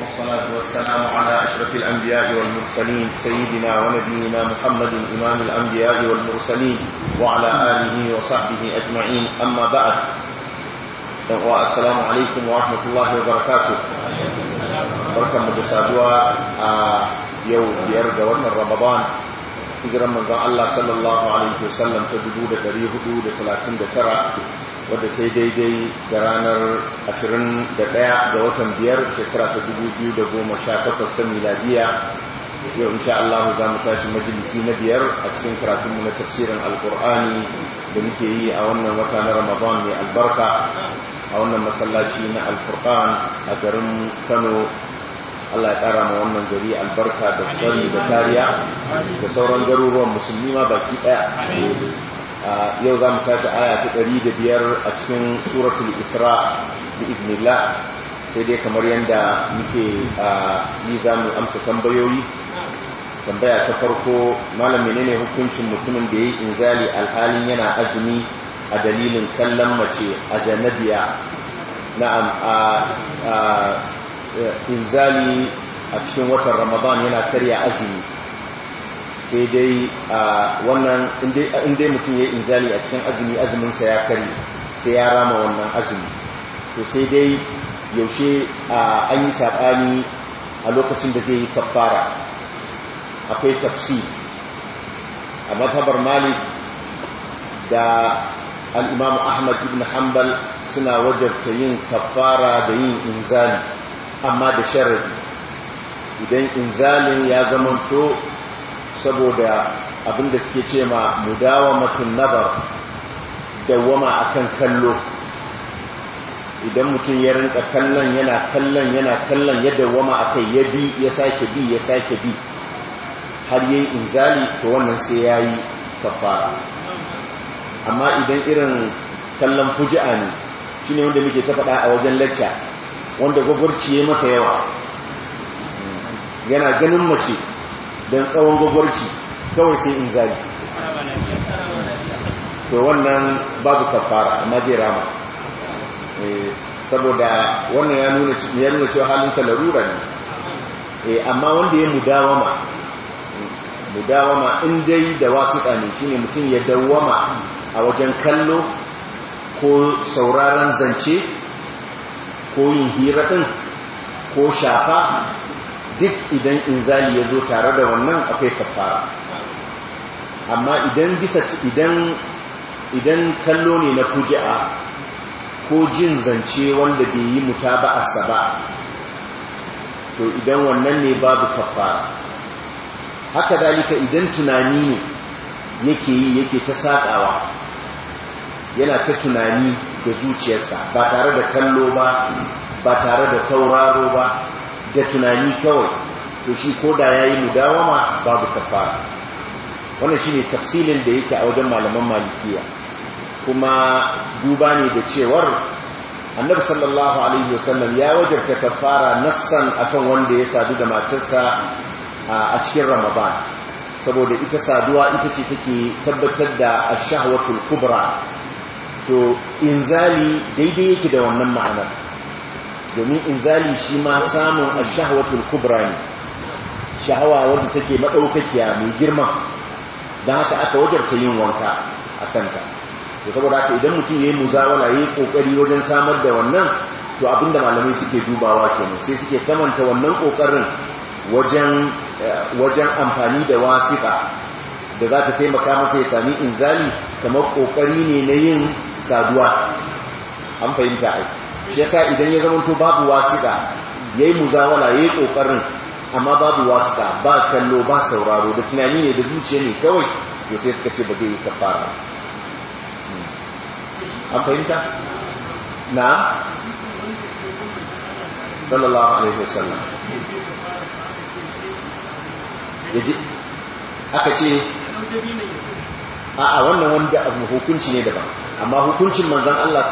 والصلاة والسلام على أشرف الأنبياء والمرسلين سيدنا ونبينا محمد إمام الأنبياء والمرسلين وعلى آله وصحبه أجمعين أما بعد السلام عليكم ورحمة الله وبركاته بركة مجسادها آه، يوم بيرجى رمضان hijiran manzon Allah sallallahu alaihi sallam ta 439 wadda ta daidai da ranar 21 ga watan biyar shekara ta 2018 ta miladiya yau insha Allah za mu tashi majalisi na biyar a cikin karatunmu na tafsirin alkur'ani da muke yi a wannan wata na ramadan mai albarka a wannan masallaci na alkur'an a garin kano Allah ya ƙara ma wannan gari albarka da tsari da kariya da sauran garuruwan musulmi ma baki ɗaya yau za mu tashi aya ta ɗari da biyar a cikin suratul isra da iznillah sai dai kamar yadda muke a yi za mu amsa tambayoyi tambaya ta farko malam menene hukuncin mutumin da ya yi inzali alhalin yana azumi a dalilin kallon mace a janabiya na'am a Eh, inzali a cikin watan ramadan yana karya azumi sai dai a wannan inda mutum ya yi inzali a cikin azumi azuminsa ya kari sai ya rama wannan azumi to sai dai yaushe an yi saɓani a lokacin da zai yi kafara akwai tafsi a mafabar malik da al'imamu ahmad ibn hanbal suna wajarta yin kafara da yin inzali amma da sharri idan inzalin ya zamanto saboda abin da suke ce ma mudawamatin nabar dawwama akan kallo idan mutum ya rinka kallon yana kallon yana kallon ya dawama akai ya bi ya sake bi ya sake bi har yayi inzali to wannan sai yayi kafara amma idan irin kallon fuji'a ne shine wanda muke ta faɗa a wajen lecture wanda gwagwarci ya masa yawa yana ganin mace don tsawon gwagwarci kawai sai in zari to wannan babu kafara na zai rama eh, saboda wannan ya nuna cewa halinsa larura ne eh, amma wanda ya mudawama mudawama in dai da wasu shi ne mutum ya dawama a wajen kallo ko sauraron zance ko yin hira ɗin ko shafa duk idan inzali ya zo tare da wannan akwai kafara amma idan bisa idan idan kallo ne na fuji'a ko jin zance wanda bai yi muta ba a ba to idan wannan ne babu kafara haka dalika idan tunani ne yake yi yake ta saƙawa yana ta tunani da zuciyarsa ba tare da kallo ba ba tare da sauraro ba da tunani kawai to shi ko da yayi mudawama babu kafara wannan shine tafsilin da yake a wajen malaman malikiya kuma duba ne da cewar annabi sallallahu alaihi wasallam ya wajarta kafara nassan akan wanda ya sadu da matarsa a cikin ramadan saboda ita saduwa ita ce take tabbatar da ash-shahwatul kubra to inzali daidai yake da wannan ma'anar domin inzali shi ma samun ashahwatul kubra ne shahawa wadda take maɗaukakiya mai girma don haka aka wajarta yin wanka a kanta da saboda haka idan mutum ya yi muzawala ya yi ƙoƙari wajen samar da wannan to abinda malamai suke dubawa kenan sai suke kamanta wannan ƙoƙarin eh, wajen amfani da wasiƙa da za ta taimaka masa ya sami inzali kamar ƙoƙari ne na yin saduwa an fahimta ai shi yasa idan ya zama to babu wasiƙa yayi muzawala yayi kokarin amma babu wasiƙa ba kallo ba sauraro da tunani ne da zuciya ne kawai to sai suka ce ba zai yi kafara hmm. an fahimta na sallallahu alaihi wasallam yaji aka ce a wannan wanda abu hukunci ne daban amma hukuncin manzon Allah